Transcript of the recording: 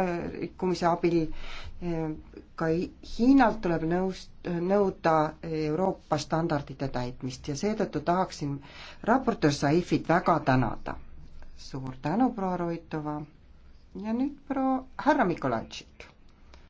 Äh, rikkumise abil. ka Hiinalt tuleb nõust, nõuda Euroopa standardite täitmist ja seetõttu tahaksin raportöör Saifit väga tänada. suur tänu, proua Roitova. ja nüüd proua härra Mikolajtšik.